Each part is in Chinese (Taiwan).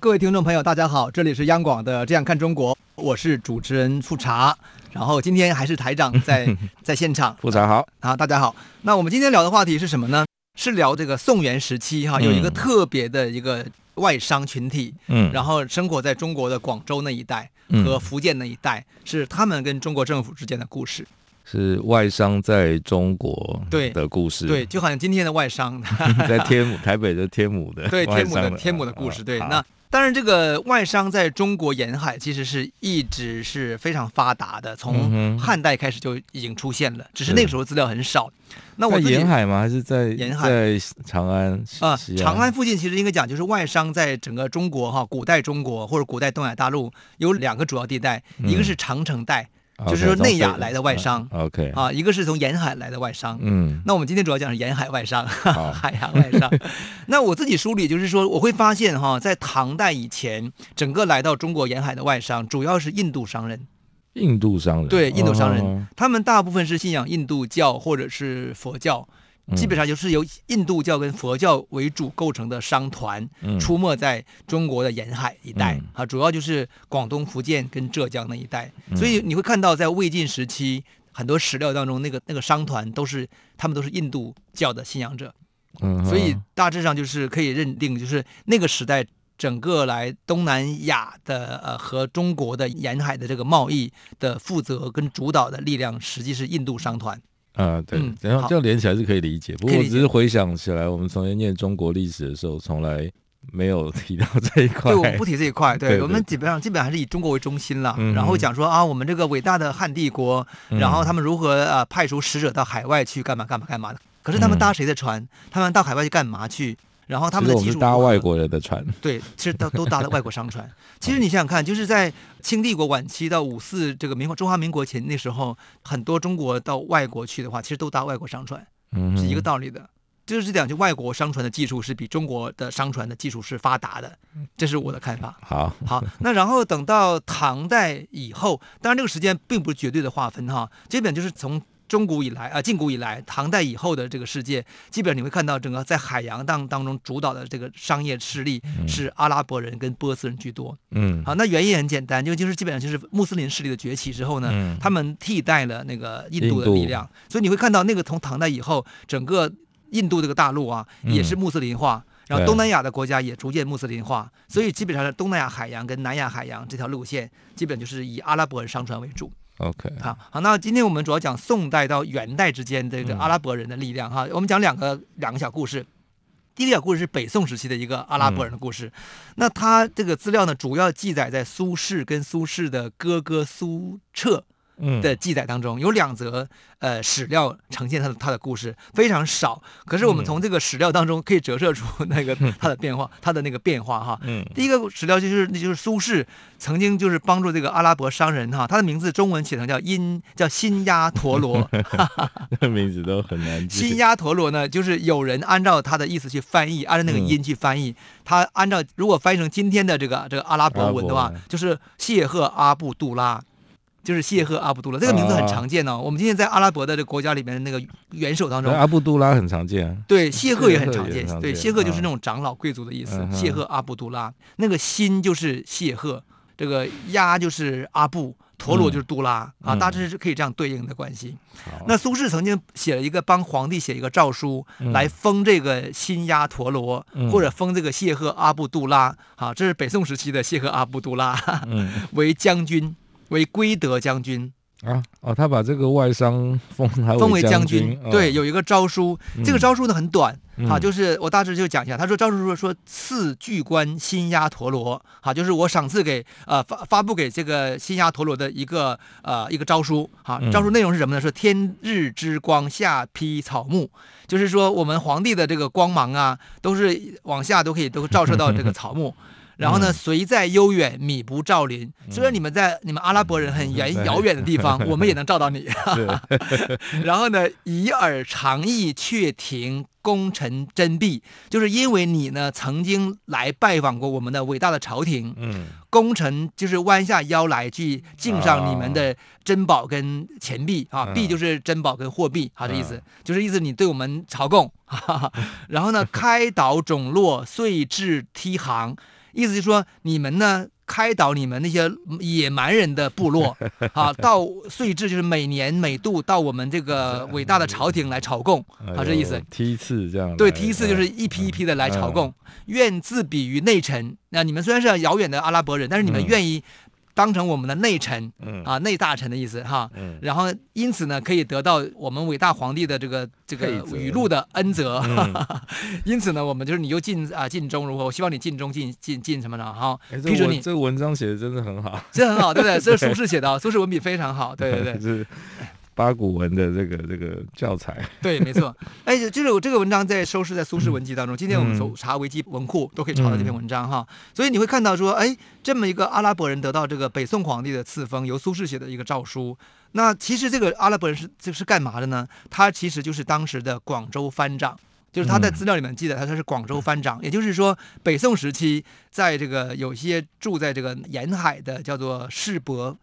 各位聽眾朋友，大家好，這裡是央廣的《這樣看中國》，我是主持人富察，然後今天還是台長在在現場。富察好好、啊、大家好。那我們今天聊的話題是什麼呢？是聊這個宋元時期哈、啊，有一個特別的一個外商群體，嗯，然後生活在中國的廣州那一帶和福建那一帶，是他們跟中國政府之間的故事，是外商在中國對的故事對，對，就好像今天的外商在天母台北的天母的，對，天母的，的天母的故事，對，好那。當然這個外商在中國沿海其實是一直是非常發達的，從漢代開始就已經出現了，嗯、哼只是那個時候資料很少。的那我沿海嗎？還是在沿海？在長安，西安啊，長安附近其實應該講就是外商在整個中國哈、哦，古代中國或者古代東亞大陸有兩個主要地帶，嗯、一個是長城帶。就是說內亞來的外商，OK,、right. okay. 啊，一個是從沿海來的外商，嗯，那我們今天主要講是沿海外商，好海洋外商。 那我自己梳理就是說，我會發現哈、啊，在唐代以前，整個來到中國沿海的外商，主要是印度商人，印度商人，對，印度商人，oh. 他們大部分是信仰印度教或者是佛教。基本上就是由印度教跟佛教為主構成的商團出沒在中國的沿海一帶啊，主要就是廣東、福建跟浙江那一帶。所以你會看到，在魏晉時期很多史料當中，那個那個商團都是他們都是印度教的信仰者。所以大致上就是可以認定，就是那個時代整個來東南亞的呃和中國的沿海的這個貿易的負責跟主導的力量，實際是印度商團。啊、嗯，對，然後、嗯、這樣連起來是可以理解。不過我只是回想起來，我們從前念中國歷史的時候，從來沒有提到這一塊。對，我不提這一塊。對，對，對我們基本上基本上還是以中國為中心了，嗯、然後講說啊，我們這個偉大的漢帝國，然後他們如何啊、呃、派出使者到海外去幹嘛幹嘛幹嘛的。可是他們搭誰的船？嗯、他們到海外去幹嘛去？然後他們的技術，是搭外國人的船，對，其實都都搭了外國商船。其實你想想看，就是在清帝國晚期到五四這個民中華民國前那時候，很多中國到外國去的話，其實都搭外國商船，是一個道理的。就是這兩句，外國商船的技術是比中國的商船的技術是發達的，這是我的看法。好，好，那然後等到唐代以後，當然這個時間並不是絕對的劃分哈，基本就是從。中古以來啊、呃，近古以來，唐代以後的這個世界，基本上你會看到整個在海洋當當中主導的這個商業勢力是阿拉伯人跟波斯人居多。嗯，好，那原因很簡單，因為就是基本上就是穆斯林勢力的崛起之後呢，嗯、他們替代了那個印度的力量，印度，所以你會看到那個從唐代以後，整個印度這個大陸啊也是穆斯林化，嗯、然後東南亞的國家也逐漸穆斯林化，啊、所以基本上是東南亞海洋跟南亞海洋這條路線，基本上就是以阿拉伯人商船為主。OK，好好，那今天我們主要講宋代到元代之間的這個阿拉伯人的力量、嗯、哈。我們講兩個兩個小故事，第一個小故事是北宋時期的一個阿拉伯人的故事，嗯、那他這個資料呢，主要記載在蘇軾跟蘇軾的哥哥蘇轍。的記載當中有兩則呃史料，呈現他的他的故事非常少，可是我們從這個史料當中可以折射出那個他的變化，嗯、他的那個變化哈。嗯，第一個史料就是那就是蘇軾曾經就是幫助這個阿拉伯商人哈，他的名字中文寫成叫音叫新亞陀羅，那 名字都很難聽。新亞陀羅呢，就是有人按照他的意思去翻譯，按照那個音去翻譯，嗯、他按照如果翻譯成今天的這個這個阿拉伯文的話，博就是謝赫阿布杜拉。就是謝赫阿布杜拉這個名字很常見哦。我們今天在阿拉伯的這個國家裡面的那個元首當中，阿布杜拉很常見，對謝赫也很常見。對謝赫就是那種長老貴族的意思。謝赫阿布杜拉，那個辛就是謝赫，這個押就是阿布，陀羅就是杜拉啊，大致是可以這樣對應的關係。那蘇軾曾經寫了一個幫皇帝寫一個詔書來封這個辛押陀羅，或者封這個謝赫阿布杜拉啊，這是北宋時期的謝赫阿布杜拉為將軍為歸德將軍啊，哦，他把這個外商封他為封為將軍。對，哦、有一個詔書，嗯、這個詔書呢很短，哈、啊，就是我大致就講一下。嗯、他說，詔書說說賜巨觀辛押陀羅，哈、啊，就是我賞賜給呃發發布給這個辛押陀羅的一個呃一個詔書，哈、啊，詔書內容是什麼呢？嗯、說天日之光下披草木，就是說我們皇帝的這個光芒啊，都是往下都可以都照射到這個草木。嗯嗯嗯然後呢，嗯、雖在悠遠，靡不照臨。雖然你們在你們阿拉伯人很遠遙遠的地方，嗯、我們也能照到你。 是然後呢， 以爾長憶闕庭，功臣真幣。就是因為你呢曾經來拜訪過我們的偉大的朝廷。嗯、功臣就是彎下腰來去敬上你們的珍寶跟錢幣啊，幣就是珍寶跟貨幣，嗯啊、好的意思。嗯啊、就是意思你對我們朝貢。 然後呢， 開導種落，遂至梯航。意思就是說，你們呢，開導你們那些野蠻人的部落， 啊，到歲至就是每年每度到我們這個偉大的朝廷來朝貢， 哎、呦啊，這意思。梯次這樣。對，梯次就是一批一批的來朝貢，哎哎、願自比於內臣。那你們雖然是遙遠的阿拉伯人，但是你們願意、嗯。當成我們的內臣、嗯、啊，內大臣的意思哈，嗯、然後因此呢，可以得到我們偉大皇帝的這個這個雨露的恩澤、嗯。因此呢，我們就是你又盡啊盡忠如何？我希望你盡忠盡盡盡什麼呢？哈，誒你這你這個文章寫的真的很好，真的很好，對不對？對，這是蘇軾寫的、哦，蘇軾文筆非常好，對對對。八股文的這個這個教材，對，沒錯。哎，就是這個文章在收視在蘇軾文集當中，嗯、今天我們搜查維基文庫都可以查到這篇文章、嗯、哈。所以你會看到說，哎，這麼一個阿拉伯人得到這個北宋皇帝的賜封，由蘇軾寫的一個詔書。那其實這個阿拉伯人是這是幹嘛的呢？他其實就是當時的廣州蕃長，就是他在資料裡面記得他他是廣州蕃長，嗯、也就是說北宋時期在這個有些住在這個沿海的叫做市舶。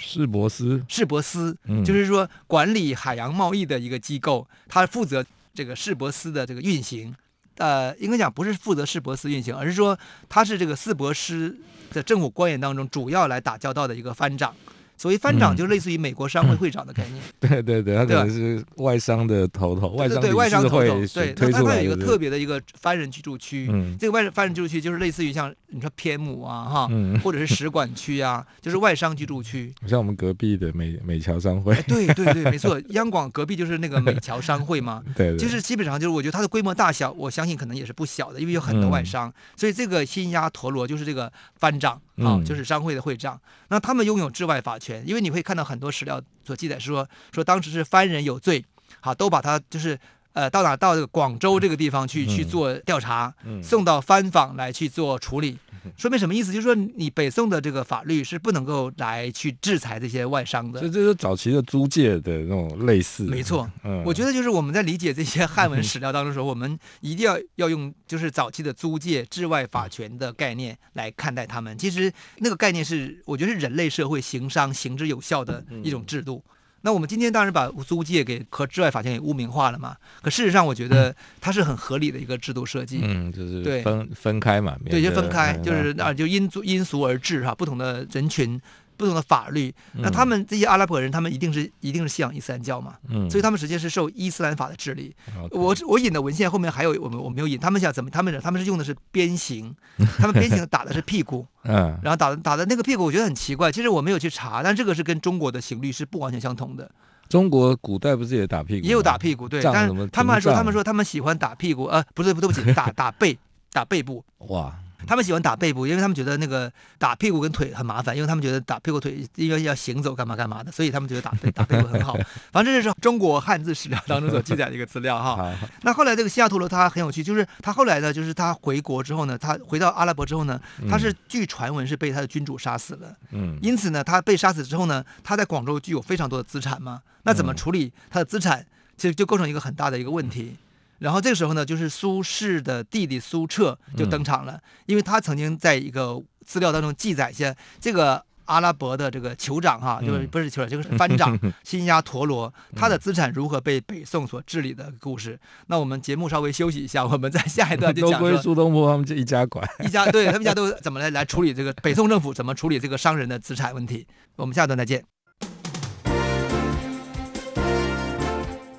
市舶司，市舶司，嗯、就是說管理海洋貿易的一個機構，他負責這個市舶司的這個運行。呃，應該講不是負責市舶司運行，而是說他是這個市舶司的政府官員當中主要來打交道的一個藩長。所謂藩長，就類似於美國商會會長的概念、嗯嗯。對對對，他可能是外商的頭頭，對外商對，對，對外商頭頭。的就是、對，他他有一個特別的一個藩人居住區。嗯、這個外藩人居住區就是類似於像。你說偏母啊，哈，或者是使館區啊，嗯、就是外商居住區。像我們隔壁的美美僑商會，哎、對對對，沒錯，央廣隔壁就是那個美僑商會嘛。 對，對就是基本上就是，我覺得它的規模大小，我相信可能也是不小的，因為有很多外商。嗯、所以這個辛押陀羅就是這個番長啊，就是商會的會長。嗯、那他們擁有治外法權，因為你會看到很多史料所記載是說，說當時是番人有罪，好，都把他就是。呃，到哪到這個廣州這個地方去、嗯、去做調查，嗯、送到番坊來去做處理，嗯、說明什麼意思？就是說，你北宋的這個法律是不能夠來去制裁這些外商的。所以這是早期的租界的那種類似、嗯。沒錯，嗯，我覺得就是我們在理解這些漢文史料當中說，嗯、我們一定要要用就是早期的租界治外法權的概念來看待他們。嗯、其實那個概念是，我覺得是人類社會行商行之有效的一種制度。嗯嗯那我們今天當然把租界給和治外法權給污名化了嘛。可事實上，我覺得它是很合理的一個制度設計。嗯，就是分對分分開嘛，對，就分開，得就是那、啊、就因因俗而治哈、啊，不同的人群。不同的法律，那他們這些阿拉伯人，嗯、他們一定是一定是信仰伊斯蘭教嘛，嗯、所以他們直接是受伊斯蘭法的治理。嗯、我我引的文獻後面還有我們我沒有引，他們想怎麼？他們他們是用的是鞭刑，他們鞭刑打的是屁股， 嗯，然後打的打的那個屁股我覺得很奇怪，其實我沒有去查，但這個是跟中國的刑律是不完全相同的。中國古代不是也打屁股？也有打屁股，對，對但他們還說他們說他們喜歡打屁股，呃，不對，不對不起，打打背， 打背部。哇。他們喜歡打背部，因為他們覺得那個打屁股跟腿很麻煩，因為他們覺得打屁股腿因為要行走幹嘛幹嘛的，所以他們覺得打背打背部很好。反正這是中國漢字史料當中所記載的一個資料哈。 那後來這個西亞圖羅他很有趣，就是他後來呢，就是他回國之後呢，他回到阿拉伯之後呢，他是據傳聞是被他的君主殺死了。嗯。因此呢，他被殺死之後呢，他在廣州具有非常多的資產嘛，那怎麼處理他的資產，其實就構成一個很大的一個問題。然後這個時候呢，就是蘇軾的弟弟蘇轍就登場了，嗯、因為他曾經在一個資料當中記載下這個阿拉伯的這個酋長哈、啊，嗯、就是不是酋長，就是藩長，嗯、新迦陀羅，嗯、他的資產如何被北宋所治理的故事。那我們節目稍微休息一下，我們在下一段就講。都歸蘇東坡他們這一家管，一家，對，他們家都怎麼來 來處理這個北宋政府怎麼處理這個商人的資產問題？我們下段再見。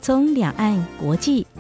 從兩岸國際、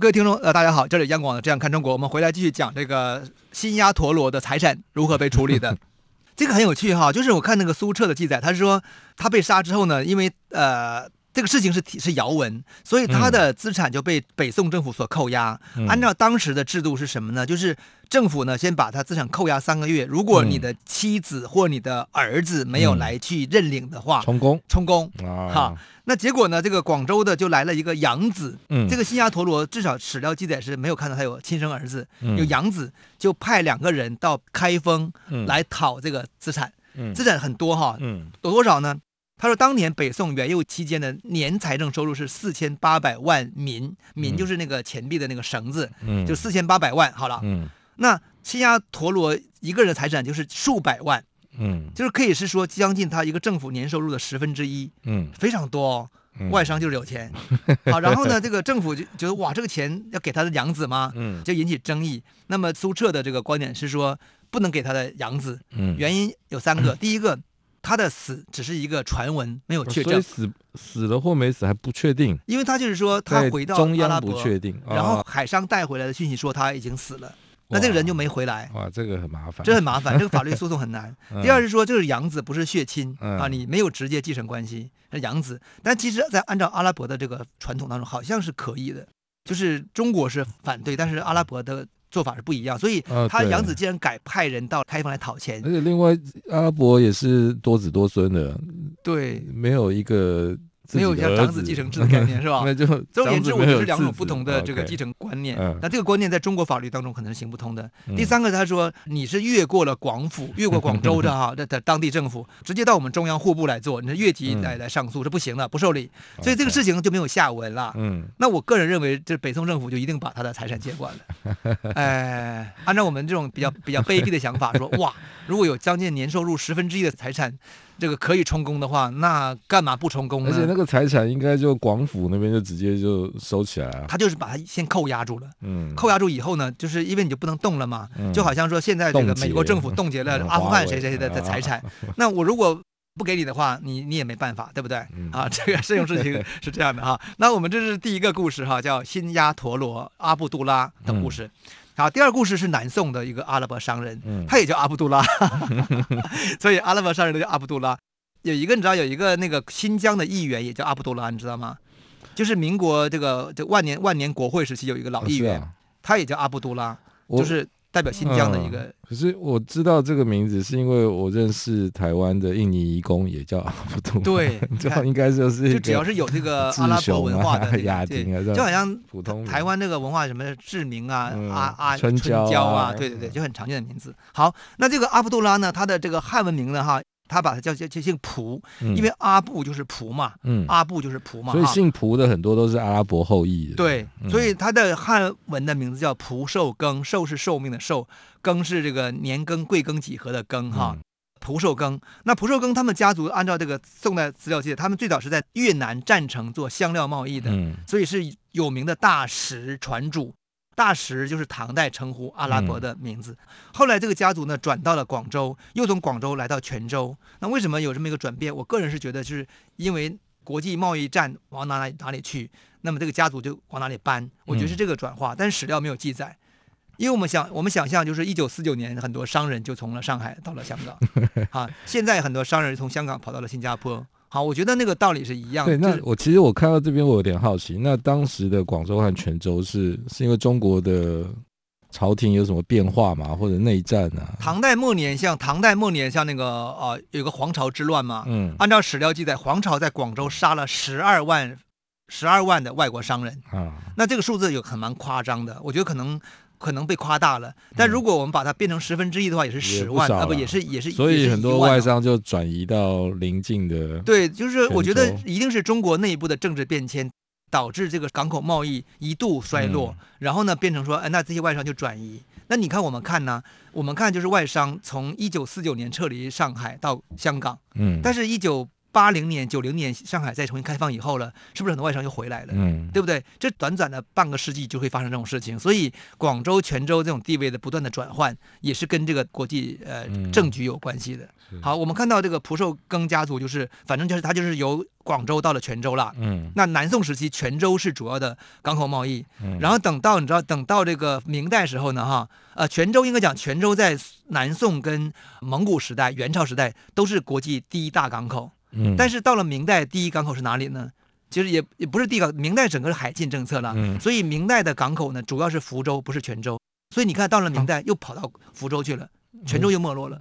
各位聽眾，呃，大家好，這裡央廣的《這樣看中國》，我們回來繼續講這個辛押陀羅的財產如何被處理的， 這個很有趣哈，就是我看那個蘇轍的記載，他是說他被殺之後呢，因為呃。這個事情是體是姚文，所以他的資產就被北宋政府所扣押。嗯嗯、按照當時的制度是什麼呢？就是政府呢先把他資產扣押三個月，如果你的妻子或你的兒子沒有來去認領的話，充公、嗯，充公啊！哈、啊啊啊，那結果呢？這個廣州的就來了一個養子，嗯、這個新亞陀羅至少史料記載是沒有看到他有親生兒子，有養子，嗯、就派兩個人到開封來討這個資產，嗯、資產很多哈，有、嗯、多，多少呢？他說，當年北宋元祐期間的年財政收入是四千八百萬緡，緡就是那個錢幣的那個繩子，嗯，就四千八百萬。好了，嗯，嗯，那辛押陀羅一個人的財產就是數百萬，嗯，就是可以是說將近他一個政府年收入的十分之一，嗯，非常多、哦。外商就是有錢，嗯、好，然後呢，這個政府就覺得哇，這個錢要給他的養子嗎？嗯，就引起爭議。那麼蘇轍的這個觀點是說，不能給他的養子。嗯，原因有三個，嗯、第一個。嗯他的死只是一個傳聞，沒有確定。死死了或沒死還不確定。因為他就是說他回到阿拉伯中央不確定，哦、然後海上帶回來的訊息說他已經死了，哇那這個人就沒回來。哇，這個很麻煩，這很麻煩， 這個法律訴訟很難。嗯、第二是說，就是養子不是血親、嗯、啊，你沒有直接繼承關係他養子，但其實，在按照阿拉伯的這個傳統當中，好像是可以的。就是中國是反對，嗯、但是阿拉伯的。做法是不一樣，所以他楊子竟然改派人到開封來討錢、啊。而且另外，阿拉伯也是多子多孫的，對，沒有一個。沒有像長子繼承制的概念是吧？那就中子制，我覺得是兩種不同的這個繼承觀念。那這個觀念在中國法律當中可能是行不通的。第三個，他說你是越過了廣府，越過廣州的哈，的當地政府，直接到我們中央戶部來做，你說越級來來上訴是不行的，不受理，所以這個事情就沒有下文了。嗯。那我個人認為，這北宋政府就一定把他的財產接管了。哎，按照我們這種比較比較卑鄙的想法說，哇，如果有將近年收入十分之一的財產。這個可以充公的話，那幹嘛不充公呢？而且那個財產應該就廣府那邊就直接就收起來了、啊。他就是把它先扣押住了，嗯、扣押住以後呢，就是因為你就不能動了嘛，嗯、就好像說現在這個美國政府凍結了阿富汗誰誰，誰的的財產，嗯啊、那我如果不給你的話，你你也沒辦法，對不對？嗯、啊，這個這種事，事情是這樣的哈、啊。那我們這是第一個故事哈、啊，叫新亞陀羅阿布杜拉的故事。嗯啊，第二故事是南宋的一個阿拉伯商人，嗯、他也叫阿布杜拉， 所以阿拉伯商人都叫阿布杜拉。有一個你知道，有一個那個新疆的議員也叫阿布杜拉，你知道嗎？就是民國這個這萬年萬年國會時期有一個老議員，哦啊、他也叫阿布杜拉，我 就是。代表新疆的一個、嗯，可是我知道這個名字，是因為我認識台灣的印尼移工也叫阿布杜拉，對，你知道應該就是就只要是有這個阿拉伯文化的雅、啊這個，就好像普通台灣這個文化什麼志明啊、阿阿春嬌啊，對對對，就很常見的名字。好，那這個阿布杜拉呢，他的這個漢文名呢，哈。他把他叫叫姓蒲，因為阿布就是蒲嘛，嗯、阿布就是蒲嘛，嗯、哈所以姓蒲的很多都是阿拉伯後裔。對，嗯、所以他的漢文的名字叫蒲壽庚，壽是壽命的壽，庚是這個年庚貴庚幾何的庚哈。嗯、蒲壽庚，那蒲壽庚他們家族按照這個宋代資料記載，他們最早是在越南占城做香料貿易的，嗯、所以是有名的大食船主。大食就是唐代稱呼阿拉伯的名字。嗯、後來這個家族呢，轉到了廣州，又從廣州來到泉州。那為什麼有這麼一個轉變？我個人是覺得，就是因為國際貿易站往哪裡哪裡去，那麼這個家族就往哪裡搬。我覺得是這個轉化，但史料沒有記載。嗯、因為我們想，我們想象就是一九四九年，很多商人就從了上海到了香港 啊。現在很多商人從香港跑到了新加坡。好，我覺得那個道理是一樣的。對，就是、那我其實我看到這邊，我有點好奇。那當時的廣州和泉州是是因為中國的朝廷有什麼變化嘛，或者內戰呢、啊？唐代末年，像唐代末年，像那個啊、呃，有個黃巢之亂嘛。嗯，按照史料記載，黃巢在廣州殺了十二萬、十二萬的外國商人啊。那這個數字有很蠻誇張的，我覺得可能。可能被誇大了，但如果我們把它變成十分之一的話，也也、啊，也是十萬啊，不也是也是。所以很多外商就轉移到臨近的。對，就是我覺得一定是中國內部的政治變遷導致這個港口貿易一度衰落，嗯、然後呢變成說，哎、呃，那這些外商就轉移。那你看我們看呢、啊，我們看就是外商從一九四九年撤離上海到香港，嗯，但是，一九。八零年、九零年，上海再重新開放以後了，是不是很多外商又回來了？嗯，對不對？這短短的半個世紀就會發生這種事情，所以廣州、泉州這種地位的不斷的轉換，也是跟這個國際呃政局有關係的。嗯、好，我們看到這個蒲壽庚家族，就是反正就是他就是由廣州到了泉州了。嗯，那南宋時期泉州是主要的港口貿易，嗯、然後等到你知道，等到這個明代時候呢，哈，呃，泉州應該講泉州在南宋跟蒙古時代、元朝時代都是國際第一大港口。但是到了明代，第一港口是哪裡呢？其實、嗯、也也不是第一港。明代整個是海禁政策了，嗯、所以明代的港口呢，主要是福州，不是泉州。所以你看到了明代、嗯、又跑到福州去了，泉州又沒落了。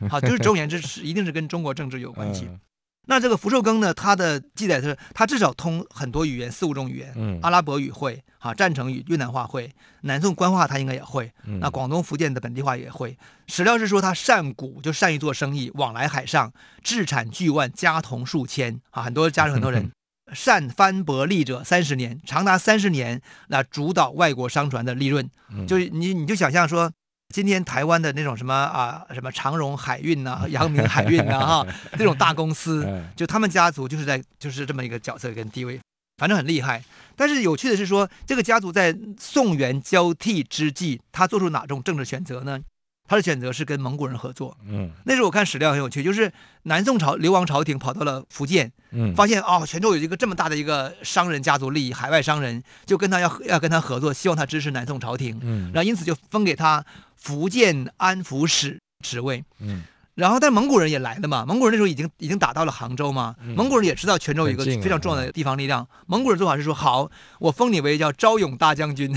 嗯、好，就是總而言之，是 一定是跟中國政治有關係。呃那這個蒲壽庚呢？他的記載是，他至少通很多語言，四五種語言，嗯、阿拉伯語會，哈、啊，占城語、越南話會，南宋官話他應該也會，嗯、那廣東、福建的本地話也會。史料是說他善賈，就善於做生意，往來海上，致產巨萬，家僮數千，啊，很多家人，很多人，嗯嗯、善蕃舶利者三十年，長達三十年，那、啊、主導外國商船的利潤，就是你，你就想象說，今天台灣的那種什麼啊，什麼長榮海運吶、啊、陽明海運吶、啊，哈，這 種大公司，就他們家族就是在就是這麼一個角色跟地位，反正很厲害。但是有趣的是說，這個家族在宋元交替之際，他做出哪種政治選擇呢？他的選擇是跟蒙古人合作。嗯，那時候我看史料很有趣，就是南宋朝流亡朝廷跑到了福建，嗯，發現哦，泉州有一個這麼大的一個商人家族，利益海外商人就跟他要要跟他合作，希望他支持南宋朝廷。嗯，然後因此就封給他福建安撫使職位。嗯，然後但蒙古人也來了嘛，蒙古人那時候已經已經打到了杭州嘛，嗯、蒙古人也知道泉州有一個非常重要的地方力量，啊嗯、蒙古人做法是說好，我封你為叫昭勇大將軍。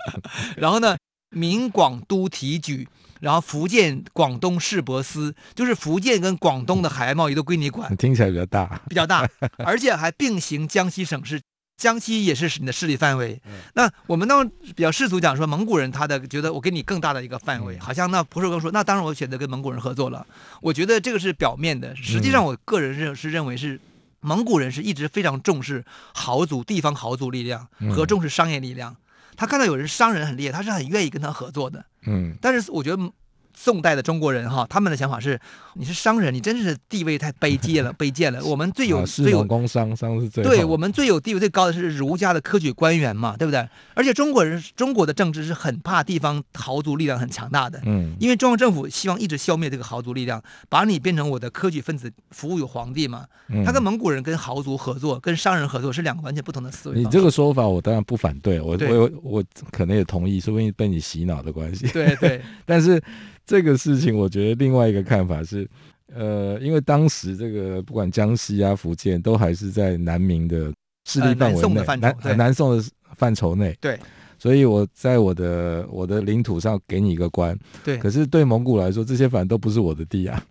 然後呢， 閩廣都提舉，然後福建、廣東市舶司，就是福建跟廣東的海外貿易都歸你管，聽起來比較大，比較大，而且還並行江西省是， 江西也是你的勢力範圍。那我們當時比較世俗講說，蒙古人他的覺得我給你更大的一個範圍，嗯、好像那蒲壽庚我說，那當然我選擇跟蒙古人合作了。我覺得這個是表面的，實際上我個人認是認為是蒙古人是一直非常重視豪族地方豪族力量和重視商業力量。嗯嗯。他看到有人商人很厲害，他是很願意跟他合作的。嗯，但是我覺得。宋代的中國人哈，他們的想法是：你是商人，你真是地位太卑賤了， 卑賤了。我們最有、啊、最有工商商是最對，我們最有地位最高的是儒家的科舉官員嘛，對不對？而且中國人中國的政治是很怕地方豪族力量很強大的，嗯，因為中央政府希望一直消滅這個豪族力量，把你變成我的科舉分子，服務於皇帝嘛。嗯、他跟蒙古人、跟豪族合作、跟商人合作是兩個完全不同的思維。你這個說法我當然不反對，我我對我可能也同意，說不定被你洗腦的關係。對對， 但是。這個事情，我覺得另外一個看法是，呃，因為當時這個不管江西啊、福建，都還是在南明的勢力範圍內，呃、南宋南，南宋的範疇內。對。所以我在我的我的領土上給你一個官，對。可是對蒙古來說，這些反正都不是我的地啊，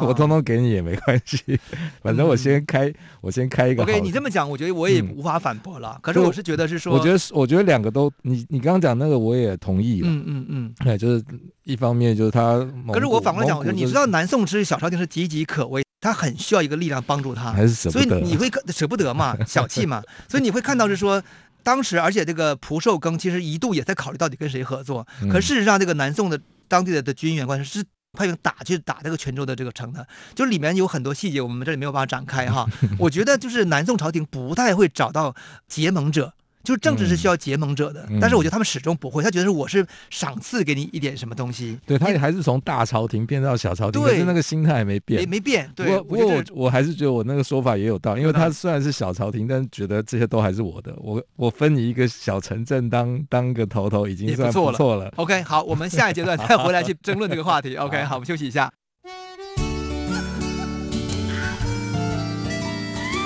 我通通給你也沒關係，反正我先開，我先開一個。OK，你這麼講，我覺得我也無法反駁了。可是我是覺得是說，我覺得我覺得兩個都，你你剛剛講那個我也同意。嗯嗯嗯，哎，就是一方面就是他。可是我反過來講，我覺得你知道南宋之，小朝廷是岌岌可危，他很需要一個力量幫助他，還是捨不得，所以你會捨不得嘛，小氣嘛，所以你會看到是說。當時，而且這個蒲壽庚其實一度也在考慮到底跟誰合作。可是事實上，這個南宋的當地的的軍員官是派兵打去打這個泉州的這個城的。就裡面有很多細節，我們這裡沒有辦法展開哈。我覺得就是南宋朝廷不太會找到結盟者。就是政治是需要結盟者的，嗯、但是我覺得他們始終不會，他覺得是我是賞賜給你一點什麼東西。對，欸、他也還是從大朝廷變到小朝廷，就對是那個心態沒變，沒沒變。對，不過我我，我，我還是覺得我那個說法也有道理，因為他雖然是小朝廷，但是覺得這些都還是我的，我我分你一個小城鎮當當個頭頭已經算不錯了。錯了。OK，好，我們下一階段再回來去爭論這個話題。 OK，好，我們休息一下。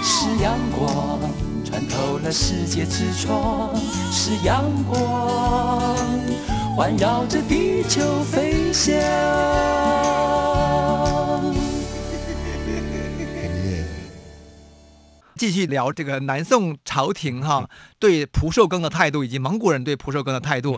是陽光。看透了世界之窗是陽光，環繞着地球飛翔。繼續聊這個南宋朝廷哈，對蒲壽庚的態度，以及蒙古人對蒲壽庚的態度，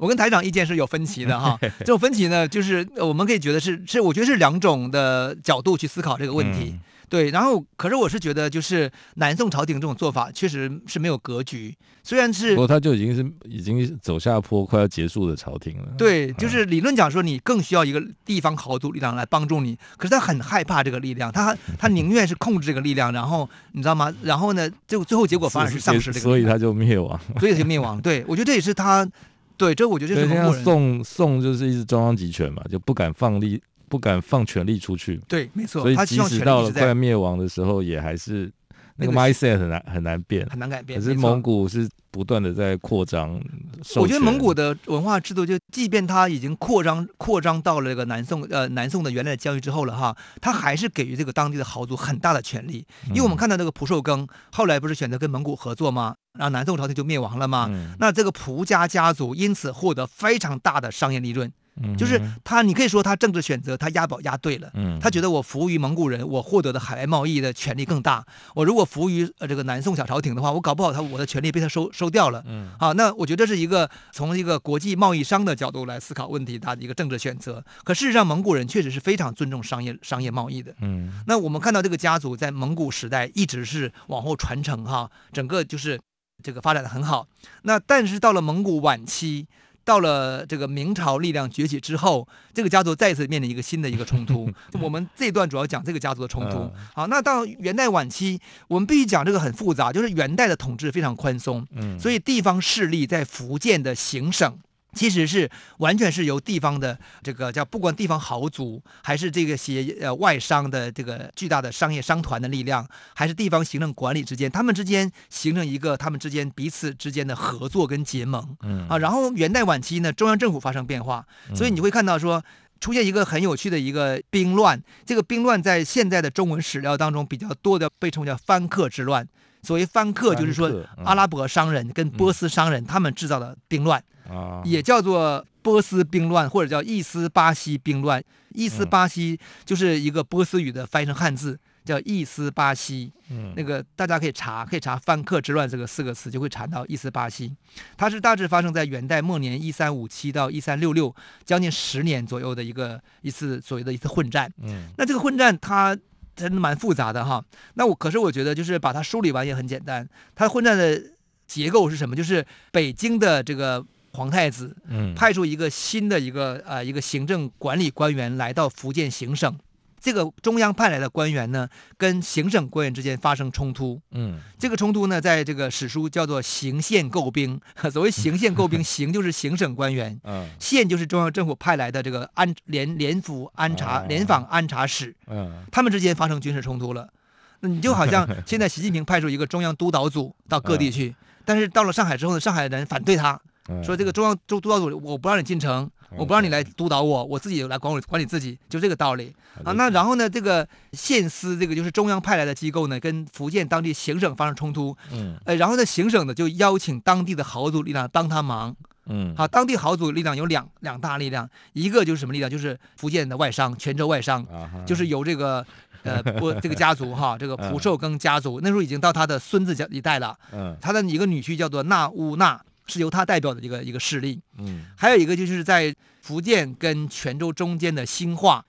我跟台長意見是有分歧的哈。這種分歧呢，就是我們可以覺得是是，我覺得是兩種的角度去思考這個問題。嗯對，然後可是我是覺得，就是南宋朝廷這種做法，確實是沒有格局。雖然是，不過他就已經是已經走下坡，快要結束的朝廷了。對，嗯、就是理論講說，你更需要一個地方豪族力量來幫助你，可是他很害怕這個力量，他他寧願是控制這個力量， 然後你知道嗎？然後呢，就最後結果反而是喪失這個，所以,所以他就滅亡，所以他就滅亡。 對，我覺得這也是他，對，這我覺得就是人宋宋就是一直中央集權嘛，就不敢放力。不敢放權力出去，對，沒錯。所以即使到了快滅亡的時候，也還是，是那個 mindset 很難很難變，很難改變。可是蒙古是不斷的在擴張。我覺得蒙古的文化制度，就即便他已經擴張擴張到了這個南宋呃南宋的原來的疆域之後了哈，他還是給予這個當地的豪族很大的權力。因為我們看到那個蒲壽庚，嗯，後來不是選擇跟蒙古合作嗎？然後南宋朝廷就滅亡了嗎？嗯，那這個蒲家家族因此獲得非常大的商業利潤。就是他，你可以說他政治選擇，他押寶押對了。嗯，他覺得我服務於蒙古人，我獲得的海外貿易的權利更大。我如果服務於呃這個南宋小朝廷的話，我搞不好他我的權利被他收收掉了。嗯，啊，那我覺得這是一個從一個國際貿易商的角度來思考問題，他的一個政治選擇。可事實上，蒙古人確實是非常尊重商業、商業貿易的。嗯，那我們看到這個家族在蒙古時代一直是往後傳承哈，整個就是這個發展的很好。那但是到了蒙古晚期，到了這個明朝力量崛起之後，這個家族再次面臨一個新的一個衝突。我們這段主要講這個家族的衝突。好，那到元代晚期，我們必須講這個很複雜，就是元代的統治非常寬鬆，所以地方勢力在福建的行省。其實是完全是由地方的這個叫，不管地方豪族還是這個些呃外商的這個巨大的商業商團的力量，還是地方行政管理之間，他們之間形成一個他們之間彼此之間的合作跟結盟，嗯啊，然後元代晚期呢，中央政府發生變化，所以你會看到說出現一個很有趣的一個兵亂，這個兵亂在現在的中文史料當中比較多的被稱為叫藩客之亂。所謂番客，就是說阿拉伯商人跟波斯商人他們製造的兵亂，也叫做波斯兵亂或者叫伊斯巴西兵亂。伊斯巴西就是一個波斯語的翻譯成漢字叫伊斯巴西。那個大家可以查，可以查“番客之亂”這個四個詞，就會查到伊斯巴西。它是大致發生在元代末年一三五七到一三六六，將近十年左右的一個一次所謂的一次混戰。那這個混戰它。真的蠻複雜的哈，那我，可是我覺得就是把它梳理完也很簡單。他混戰的結構是什麼？就是北京的這個皇太子，嗯，派出一個新的一個呃一個行政管理官員來到福建行省。這個中央派來的官員呢，跟行省官員之間發生衝突。嗯，這個衝突呢，在這個史書叫做“行憲構兵”。所謂“行憲構兵”，行就是行省官員，憲、嗯、就是中央政府派來的這個按、廉廉訪按察、廉、嗯、訪按察使。嗯，他們之間發生軍事衝突了。那你就好像現在習近平派出一個中央督導組到各地去，嗯、但是到了上海之後呢，上海的人反對他，嗯、說這個中央督督導組我不讓你進城。我不讓你來督導我，我自己來管我管理自己，就這個道理啊。那然後呢，這個縣司這個就是中央派來的機構呢，跟福建當地行省發生衝突，嗯、呃，然後在行省呢就邀請當地的豪族力量幫他忙，嗯，好，當地豪族力量有兩兩大力量，一個就是什麼力量，就是福建的外商，泉州外商，就是由這個呃，不，這個家族哈、啊，這個蒲壽庚家族，那時候已經到他的孫子家一代了，嗯，他的一個女婿叫做那烏納是由他代表的一個一個勢力，還有一個就是在福建跟泉州中間的興化，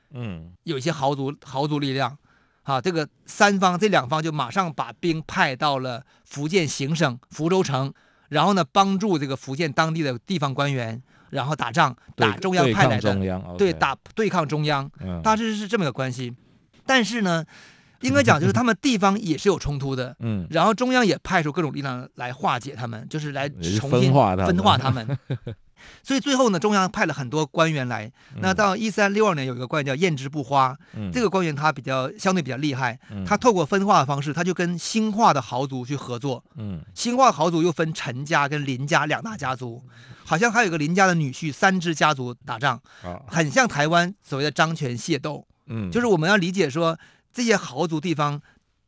有一些豪族豪族力量，啊，這個三方這兩方就馬上把兵派到了福建行省福州城，然後呢，幫助這個福建當地的地方官員，然後打仗，打中央派來的，對，對，對，打對抗中央，OK 大致是這麼個關係，嗯，但是呢。應該講，就是他們地方也是有衝突的，嗯，然後中央也派出各種力量來化解他們，嗯、就是來重新分化他們。他們 所以最後呢，中央派了很多官員來。嗯、那到一三六二年，有一個官員叫燕之不花，嗯、這個官員他比較相對比較厲害，嗯、他透過分化的方式，他就跟興化的豪族去合作。嗯，興化豪族又分陳家跟林家兩大家族，好像還有一個林家的女婿三支家族打仗，好很像台灣所謂的漳泉械鬥。嗯，就是我們要理解說。這些豪族地方，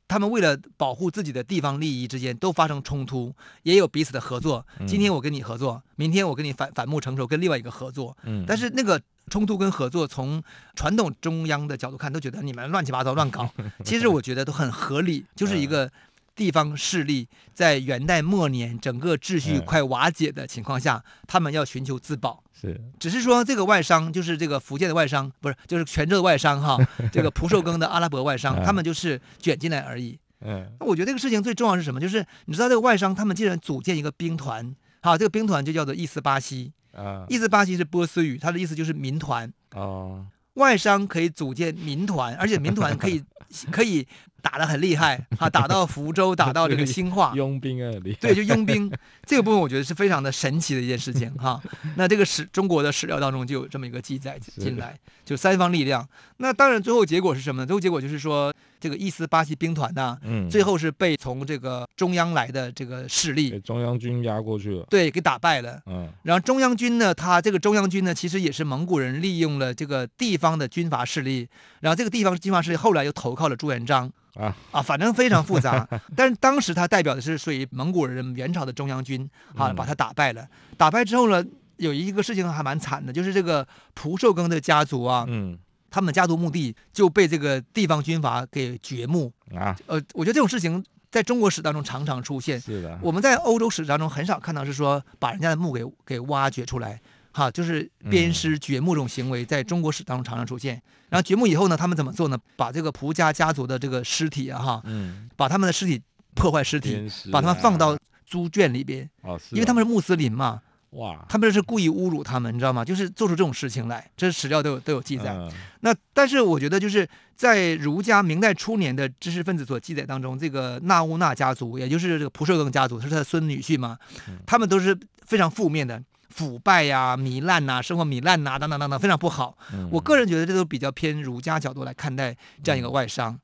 他們為了保護自己的地方利益之間都發生衝突，也有彼此的合作。今天我跟你合作，明天我跟你反反目成仇，跟另外一個合作。但是那個衝突跟合作，從傳統中央的角度看，都覺得你們亂七八糟亂搞。其實我覺得都很合理， 就是一個。地方勢力在元代末年整個秩序快瓦解的情況下，嗯、他們要尋求自保。是，只是說這個外商就是這個福建的外商，不是就是泉州的外商哈， 這個蒲壽庚的阿拉伯外商，嗯、他們就是捲進來而已。嗯，我覺得這個事情，最重要是什麼？就是你知道這個外商他們竟然組建一個兵團，好、啊，這個兵團就叫做伊斯巴西。嗯、伊斯巴西是波斯語，它的意思就是民團。哦。外商可以組建民團，而且民團可以 可以打得很厲害，哈，打到福州，打到這個興化。 傭兵啊，對，就傭兵 這個部分，我覺得是非常的神奇的一件事情，哈。 那這個史中國的史料當中就有這麼一個記載進來，的就三方力量。那當然最後結果是什麼呢？最後結果就是說。這個伊斯巴西兵團呢、啊，嗯、最後是被從這個中央來的這個勢力，給中央軍壓過去了，對，給打敗了，嗯、然後中央軍呢，他這個中央軍呢，其實也是蒙古人利用了這個地方的軍閥勢力，然後這個地方的軍閥勢力後來又投靠了朱元璋，啊啊，反正非常複雜。 但是當時他代表的是屬於蒙古人元朝的中央軍，啊，嗯、把他打敗了。打敗之後呢，有一個事情還蠻慘的，就是這個蒲壽庚的家族啊，嗯。他們的家族墓地就被這個地方軍閥給掘墓啊！呃，我覺得這種事情在中國史當中常常出現。是的，我們在歐洲史當中很少看到是說把人家的墓給給挖掘出來，哈，就是鞭屍掘墓這種行為，在中國史當中常常出現。嗯、然後掘墓以後呢，他們怎麼做呢？把這個蒲家家族的這個屍體啊，哈，嗯，把他們的屍體破壞屍體，啊、把他們放到豬圈裡邊，哦，因為他們是穆斯林嘛。哇他們就是故意侮辱他們，你知道嗎？就是做出這種事情來，這史料都有都有記載。嗯、那但是我覺得，就是在儒家明代初年的知識分子所記載當中，這個納烏納家族，也就是這個蒲壽庚家族，他是他的孫女婿嘛，嗯、他們都是非常負面的腐敗呀、啊、糜爛吶、啊、生活糜爛吶、啊，等等等等，非常不好。嗯、我個人覺得，這都比較偏儒家角度來看待這樣一個外商，嗯、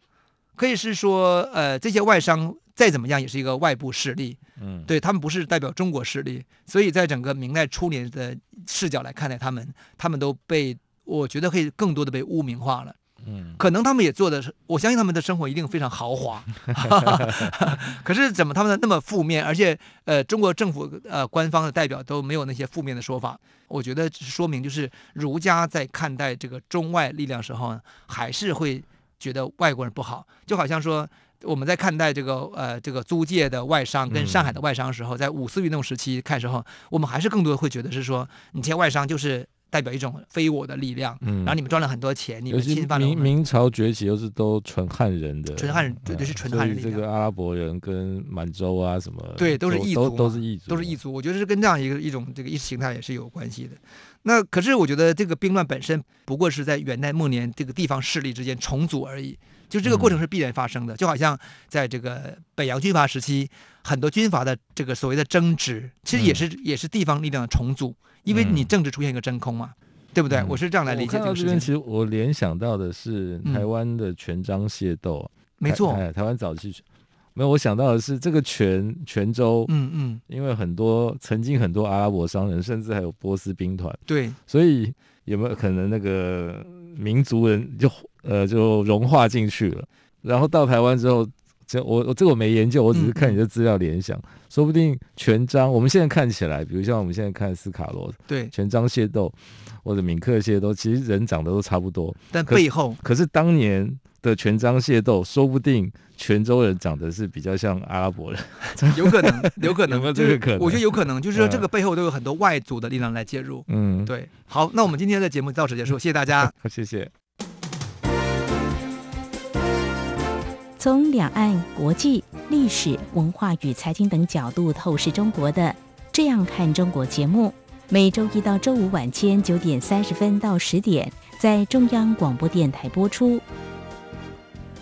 可以是說，呃，這些外商。再怎麼樣也是一個外部勢力，嗯，對他們不是代表中國勢力，所以在整個明代初年的視角來看待他們，他們都被我覺得可以更多的被污名化了，嗯，可能他們也做的是，我相信他們的生活一定非常豪華，嗯、 可是怎麼他們那麼負面，而且呃中國政府呃官方的代表都沒有那些負面的說法，我覺得說明就是儒家在看待這個中外力量時候呢，還是會覺得外國人不好，就好像說，我們在看待這個呃這個租界的外商跟上海的外商時候，嗯、在五四運動時期看時候，我們還是更多會覺得是說，你這些外商就是代表一種非我的力量，嗯、然後你們賺了很多錢，你們侵犯了。尤其明明朝崛起又是都純漢人的，純漢人絕對，對、就是純漢人力量、嗯、所以這個阿拉伯人跟滿洲啊什麼，對，都是異族都，都是異族，都是異族。我覺得是跟這樣一個一種這個意識形態也是有關係的。那可是我覺得這個兵亂本身不過是在元代末年這個地方勢力之間重組而已，就這個過程是必然發生的，嗯、就好像在這個北洋軍閥時期，很多軍閥的這個所謂的爭執，其實也是、嗯、也是地方力量的重組，因為你政治出現一個真空嘛，嗯、對不對？我是這樣來理解這個事情。我，其實我聯想到的是台灣的泉漳械鬥，嗯，沒錯台、哎，台灣早期。沒有，我想到的是這個泉泉州，嗯嗯，嗯因為很多曾經很多阿拉伯商人，甚至還有波斯兵團，對，所以有沒有可能那個民族人就呃就融化進去了？然後到台灣之後，這我我這個我沒研究，我只是看你的資料聯想，嗯、說不定泉漳我們現在看起來，比如像我們現在看斯卡羅，對，泉漳械鬥或者閩客械鬥，其實人長得都差不多，但背後可，可是當年。的泉漳械鬥，說不定泉州人長得是比較像阿拉伯人， 有可能，有可能 有沒有這個可能，我覺得有可能，就是說這個背後都有很多外族的力量來介入。嗯，對。好，那我們今天的節目到此結束， 謝謝大家。好、嗯，謝謝。從兩岸、國際、歷史文化與財經等角度透視中國的，這樣看中國節目，每週一到週五晚間九點三十分到十點，在中央廣播電台播出。